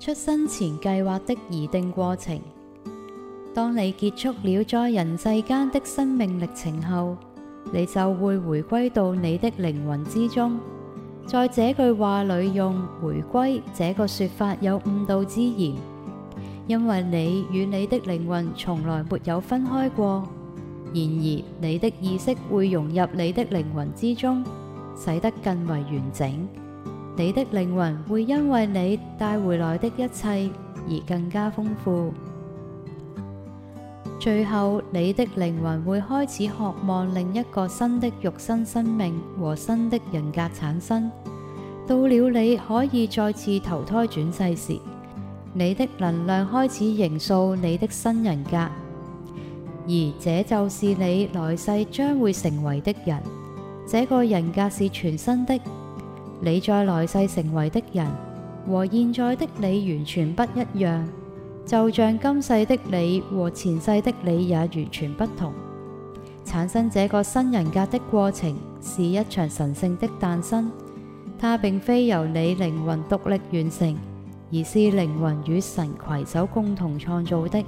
出生前計劃的擬定過程，當你結束了在人世間的生命歷程後，你就會回歸到你的靈魂之中。在這句話裏用“回歸”這個說法有誤導之嫌，因為你與你的靈魂從來沒有分開過。然而，你的意識會融入你的靈魂之中，使得更為完整。你的靈魂會因為你帶回來的一切而更加豐富。最後，你的靈魂會開始渴望另一個新的肉身生命和新的人格產生。到了你可以再次投胎轉世時，你的能量開始形塑你的新人格，而這就是你來世將會成為的人。這個人格是全新的。你在來世成為的人和現在的你完全不一樣，就像今世的你和前世的你也完全不同。產生這個新人格的過程是一場神聖的誕生，它並非由你靈魂獨立完成，而是靈魂與神攜手共同創造的。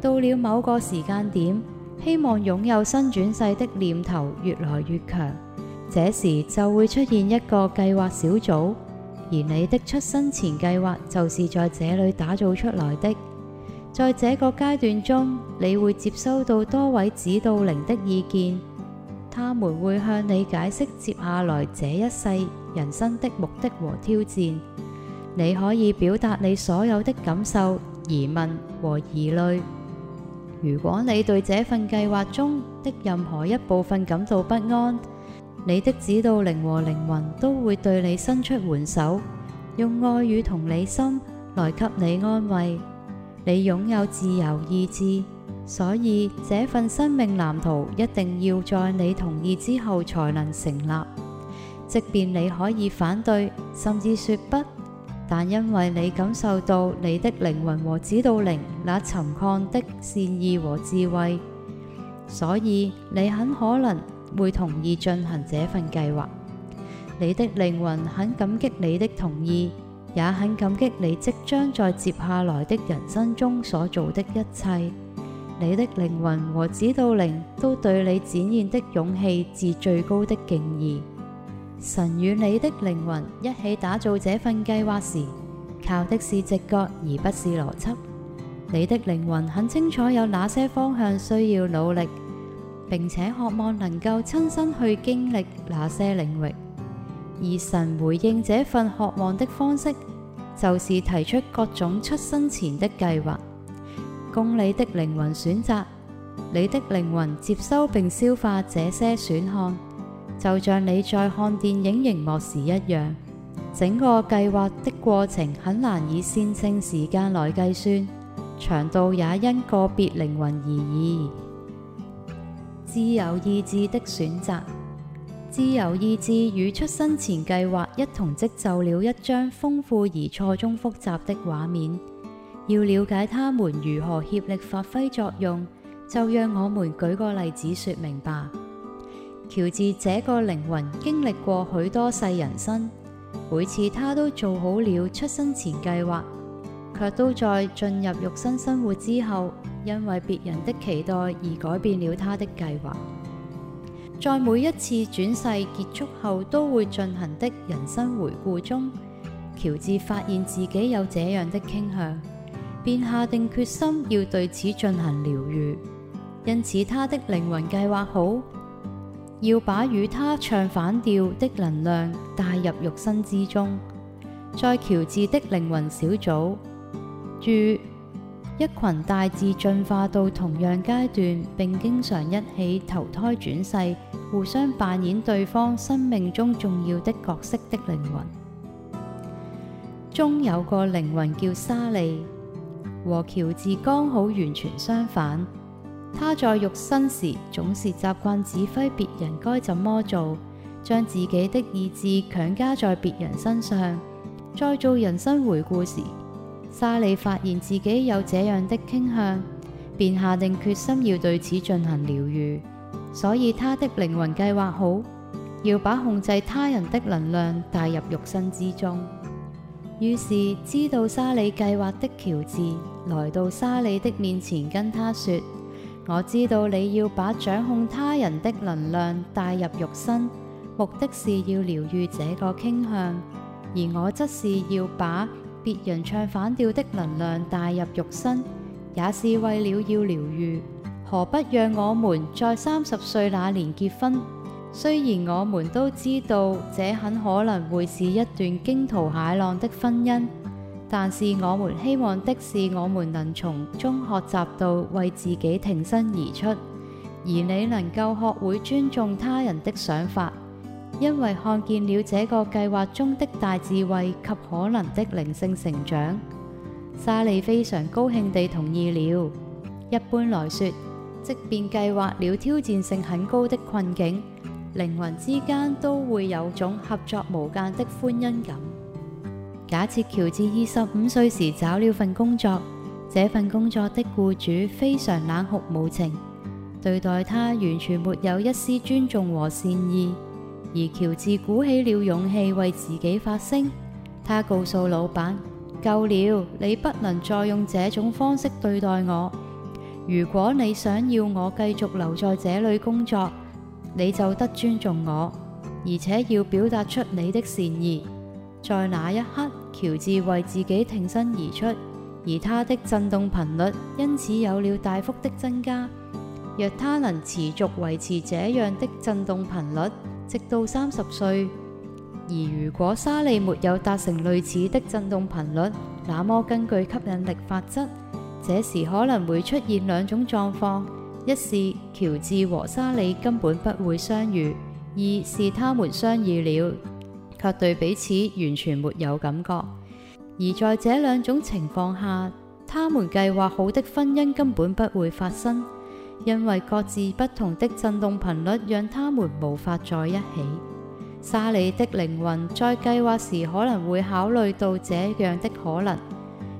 到了某個時間點，希望擁有新轉世的念頭越來越強。這時就會出現一個計劃小組，而你的出生前計劃就是在這裏打造出來的。在這個階段中，你會接收到多位指導靈的意見，他們會向你解釋接下來這一世人生的目的和挑戰。你可以表達你所有的感受、疑問和疑慮。如果你對這份計劃中的任何一部分感到不安，你的指導靈和靈魂都會對你伸出援手，用愛與同理心來給你安慰。你擁有自由意志，所以這份生命藍圖一定要在你同意之後才能成立。即便你可以反對，甚至說不，但因為你感受到你的靈魂和指導靈那沉曠的善意和智慧，所以你很可能，會同意進行這份計劃。你的靈魂很感激你的同意，也很感激你即將在接下來的人生中所做的一切。你的靈魂和指導靈都對你展現的勇氣致最高的敬意。神與你的靈魂一起打造這份計劃時，靠的是直覺，而不是邏輯。你的靈魂很清楚有哪些方向需要努力。並且渴望能夠親身去經歷那些領域，而神回應這份渴望的方式，就是提出各種出生前的計劃，供你的靈魂選擇。你的靈魂接收並消化這些選項，就像你在看電影熒幕時一樣。整個計劃的過程很難以線性時間來計算，長度也因個別靈魂而異。自由意志的選擇，自由意志與出生前計劃一同織就了一張豐富而錯綜複雜的畫面。要了解他們如何協力發揮作用，就讓我們舉個例子說明吧。喬治這個靈魂經歷過許多世人生，每次他都做好了出生前計劃，卻都在進入肉身生活之後。因為別人的期待而改變了他的計劃，在每一次轉世結束後都會進行的人生回顧中，喬治發現自己有這樣的傾向，便下定決心要對此進行療癒。因此，他的靈魂計劃好要把與他唱反調的能量帶入肉身之中。在喬治的靈魂小組注。一群大致進化到同樣階段，並經常一起投胎轉世，互相扮演對方生命中重要的角色的靈魂，中有個靈魂叫莎莉，和喬治剛好完全相反。他在肉身時總是習慣指揮別人該怎麼做，將自己的意志強加在別人身上。再做人生回顧時，沙利發現自己有這樣的傾向，便下定決心要對此進行療愈。所以他的靈魂計劃好，要把控制他人的能量帶入肉身之中。於是，知道沙利計劃的喬治來到沙利的面前，跟他說：我知道你要把掌控他人的能量帶入肉身，目的是要療愈這個傾向，而我則是要把。別人唱反調的能量帶入肉身，也是為了要療癒。何不讓我們在三十歲那年結婚？雖然我們都知道這很可能會是一段驚濤駭浪的婚姻，但是我們希望的是，我們能從中學習到為自己挺身而出，而你能夠學會尊重他人的想法。因為看見了這個計劃中的大智慧及可能的靈性成長，莎莉非常高興地同意了。一般來說，即便計劃了挑戰性很高的困境，靈魂之間都會有種合作無間的歡欣感。假設喬治二十五歲時找了份工作，這份工作的雇主非常冷酷無情，對待他完全沒有一絲尊重和善意。而喬治鼓起了勇氣為自己發聲。他告訴老板：夠了，你不能再用這種方式對待我。如果你想要我繼續留在這裏工作，你就得尊重我，而且要表達出你的善意。在那一刻，喬治為自己挺身而出，而他的震動頻率因此有了大幅的增加。若他能持續維持這樣的震動頻率，直到三十歲，而如果沙莉沒有達成類似的震動頻率，那麼根據吸引力法則，這時可能會出現兩種狀況：一是喬治和沙莉根本不會相遇；二是他們相遇了，卻對彼此完全沒有感覺。而在這兩種情況下，他們計劃好的婚姻根本不會發生。因為各自不同的震動頻率，讓他們無法在一起。莎莉的靈魂在計劃時可能會考慮到這樣的可能，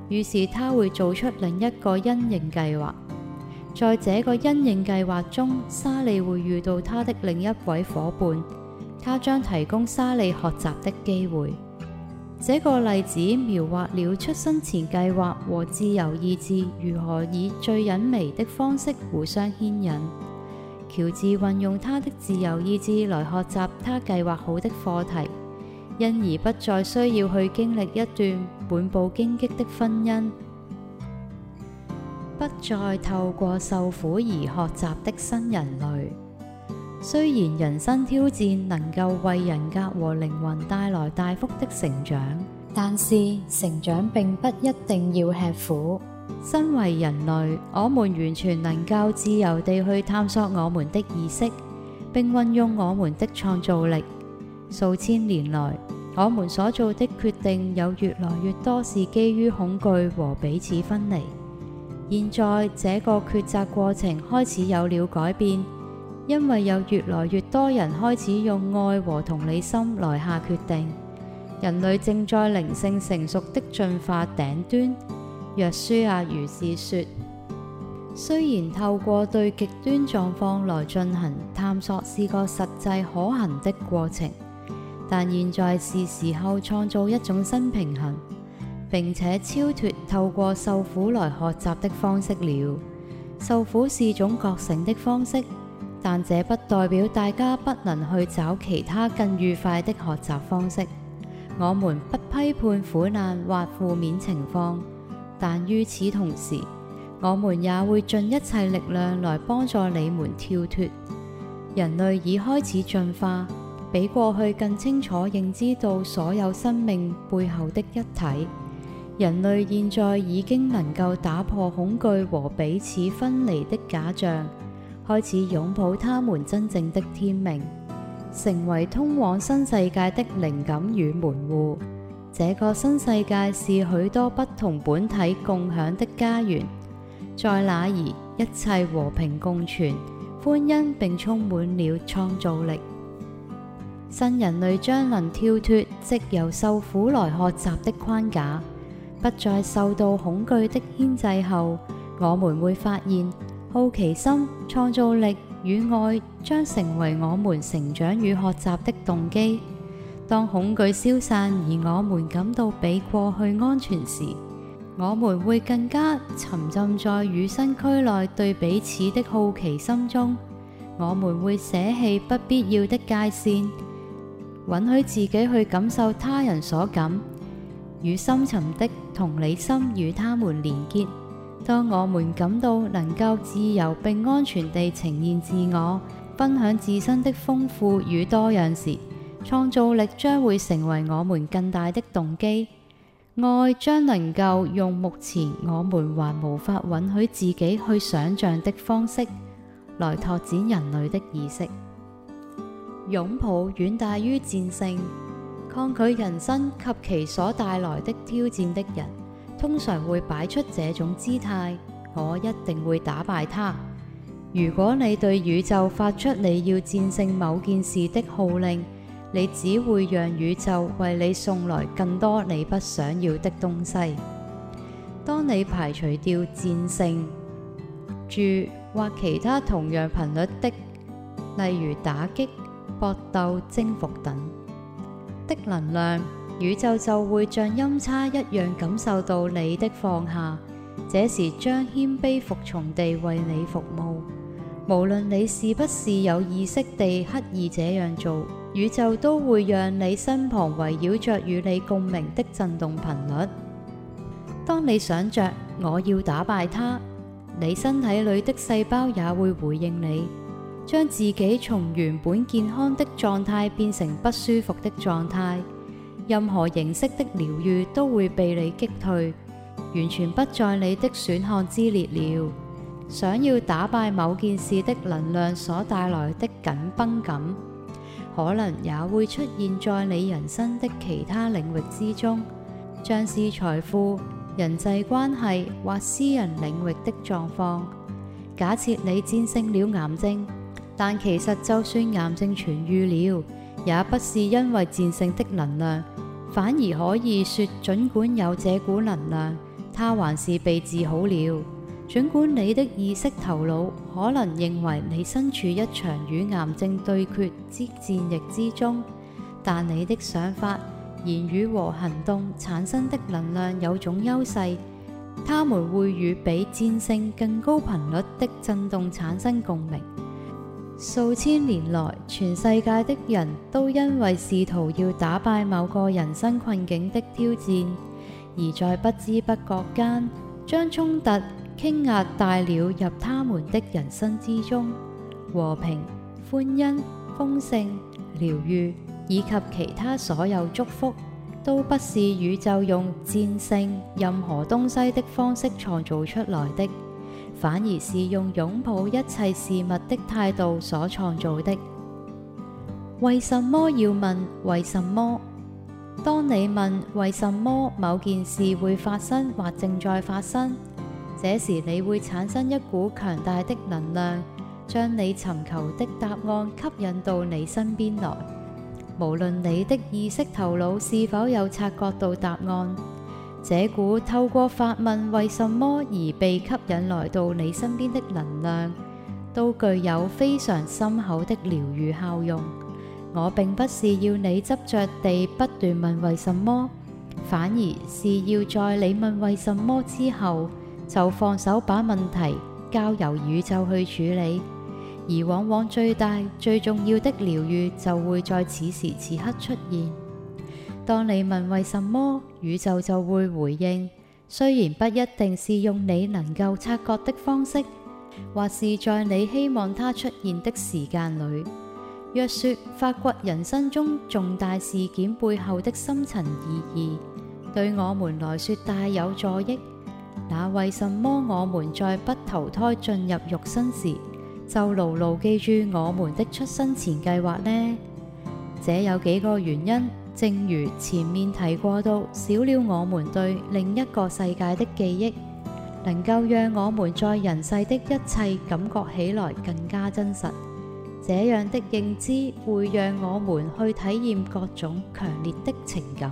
於是她會做出另一個因應計劃。在這個因應計劃中，莎莉會遇到她的另一位夥伴，她將提供莎莉學習的機會。這個例子描畫了出生前計劃和自由意志如何以最隱微的方式互相牽引。喬治運用他的自由意志來學習他計劃好的課題，因而不再需要去經歷一段滿布荊棘的婚姻，不再透過受苦而學習的新人類。雖然人生挑戰能夠為人格和靈魂帶來大幅的成長，但是成長並不一定要吃苦。身為人類，我們完全能夠自由地去探索我們的意識，並運用我們的創造力。數千年來，我們所做的決定有越來越多是基於恐懼和彼此分離。現在，這個抉擇過程開始有了改變。因為有越來越多人開始用愛和同理心來下決定，人類正在靈性成熟的進化頂端。若書亞、啊、如是說。雖然透過對極端狀況來進行探索是個實際可行的過程，但現在是時候創造一種新平衡，並且超脫透過受苦來學習的方式了。受苦是種覺醒的方式。但這不代表大家不能去找其他更愉快的學習方式。我們不批判苦難或負面情況，但與此同時，我們也會盡一切力量來幫助你們跳脫。人類已開始進化，比過去更清楚認知到所有生命背後的一體。人類現在已經能夠打破恐懼和彼此分離的假象。開始擁抱他們真正的天命，成為通往新世界的靈感與門戶。這個新世界是許多不同本體共享的家園，在那兒，一切和平共存，歡欣並充滿了創造力。新人類將能跳脫藉由受苦來學習的框架，不再受到恐懼的牽制後，我們會發現。好奇心、創造力與愛將成為我們成長與學習的動機。當恐懼消散而我們感到比過去安全時，我們會更加沉浸在與生俱來對彼此的好奇心中。我們會捨棄不必要的界線，允許自己去感受他人所感，與深沉的同理心與他們連結。當我們感到能夠自由並安全地呈現自我，分享自身的豐富與多樣時，創造力將會成為我們更大的動機。愛將能夠用目前我們還無法允許自己去想像的方式，來拓展人類的意識。擁抱遠大於戰勝抗拒人生及其所帶來的挑戰的人，通常會擺出這種姿態，我一定會打敗他。如果你對宇宙發出你要戰勝某件事的號令，你只會讓宇宙為你送來更多你不想要的東西。當你排除掉戰勝、住或其他同樣頻率的，例如打擊、搏鬥、征服等的能量。宇宙就會像音叉一樣感受到你的放下，這時將謙卑服從地為你服務。無論你是不是有意識地刻意這樣做，宇宙都會讓你身旁圍繞着與你共鳴的震動頻率。當你想着「我要打敗它」，你身體裏的細胞也會回應你，將自己從原本健康的狀態變成不舒服的狀態。任何形式的療癒都會被你擊退，完全不在你的選項之列了。想要打敗某件事的能量所帶來的緊繃感，可能也會出現在你人生的其他領域之中，像是財富、人際關係或私人領域的狀況。假設你戰勝了癌症，但其實就算癌症痊癒了。也不是因為戰勝的能量，反而可以說，儘管有這股能量，他還是被治好了。儘管你的意識頭腦可能認為你身處一場與癌症對決之戰役之中，但你的想法、言語和行動產生的能量有種優勢，他們會與比戰勝更高頻率的震動產生共鳴。數千年來，全世界的人都因為試圖要打敗某個人生困境的挑戰，而在不知不覺間，將衝突、傾壓帶了入他們的人生之中。和平、歡欣、豐盛、療癒以及其他所有祝福，都不是宇宙用戰勝任何東西的方式創造出來的。反而是用擁抱一切事物的態度所創造的。為什麼要問為什麼？當你問為什麼某件事會發生或正在發生，這時你會產生一股強大的能量，將你尋求的答案吸引到你身邊來。無論你的意識頭腦是否有察覺到答案。這股透過發問為什麼而被吸引來到你身邊的能量，都具有非常深厚的療癒效用。我並不是要你執著地不斷問為什麼，反而是要在你問為什麼之後，就放手把問題交由宇宙去處理，而往往最大最重要的療癒就會在此時此刻出現。當你問為什麼，宇宙就會回應，雖然不一定是用你能夠察覺的方式，或是在你希望它出現的時間裏。若說發掘人生中重大事件背後的深層意義，對我們來說大有助益，那為什麼我們在不投胎進入肉身時，就牢牢記住我們的出生前計劃呢？這有幾個原因。正如前面提過到，少了我們對另一個世界的記憶，能夠讓我們在人世的一切感覺起來更加真實。這樣的認知會讓我們去體驗各種強烈的情感，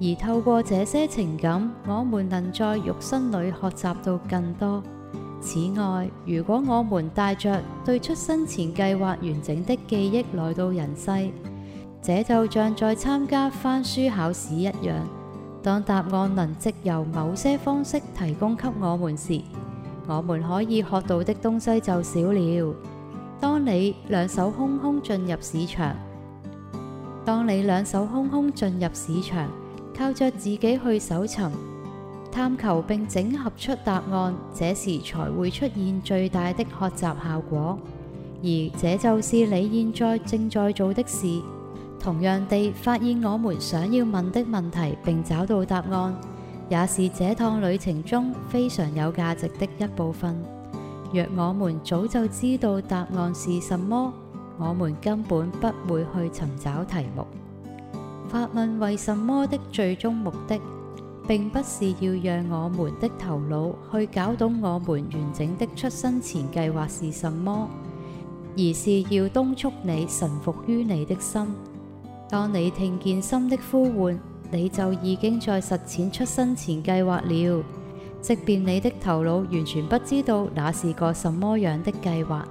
而透過這些情感，我們能在肉身裏學習到更多。此外，如果我們帶着對出生前計劃完整的記憶來到人世，這就像在參加翻書考試一樣。當答案能藉由某些方式提供給我們時，我們可以學到的東西就少了。當你兩手空空進入市場，當你兩手空空進入市場，靠著自己去搜尋、探求並整合出答案，這時才會出現最大的學習效果。而這就是你現在正在做的事。同樣地，發現我們想要問的問題，並找到答案，也是這趟旅程中非常有價值的一部分。若我們早就知道答案是什麼，我們根本不會去尋找題目。發問為什麼的最終目的，並不是要讓我們的頭腦去搞懂我們完整的出生前計劃是什麼，而是要督促你臣服於你的心。當你聽見心的呼喚，你就已經在實踐出生前計劃了。即便你的頭腦完全不知道那是個什麼樣的計劃。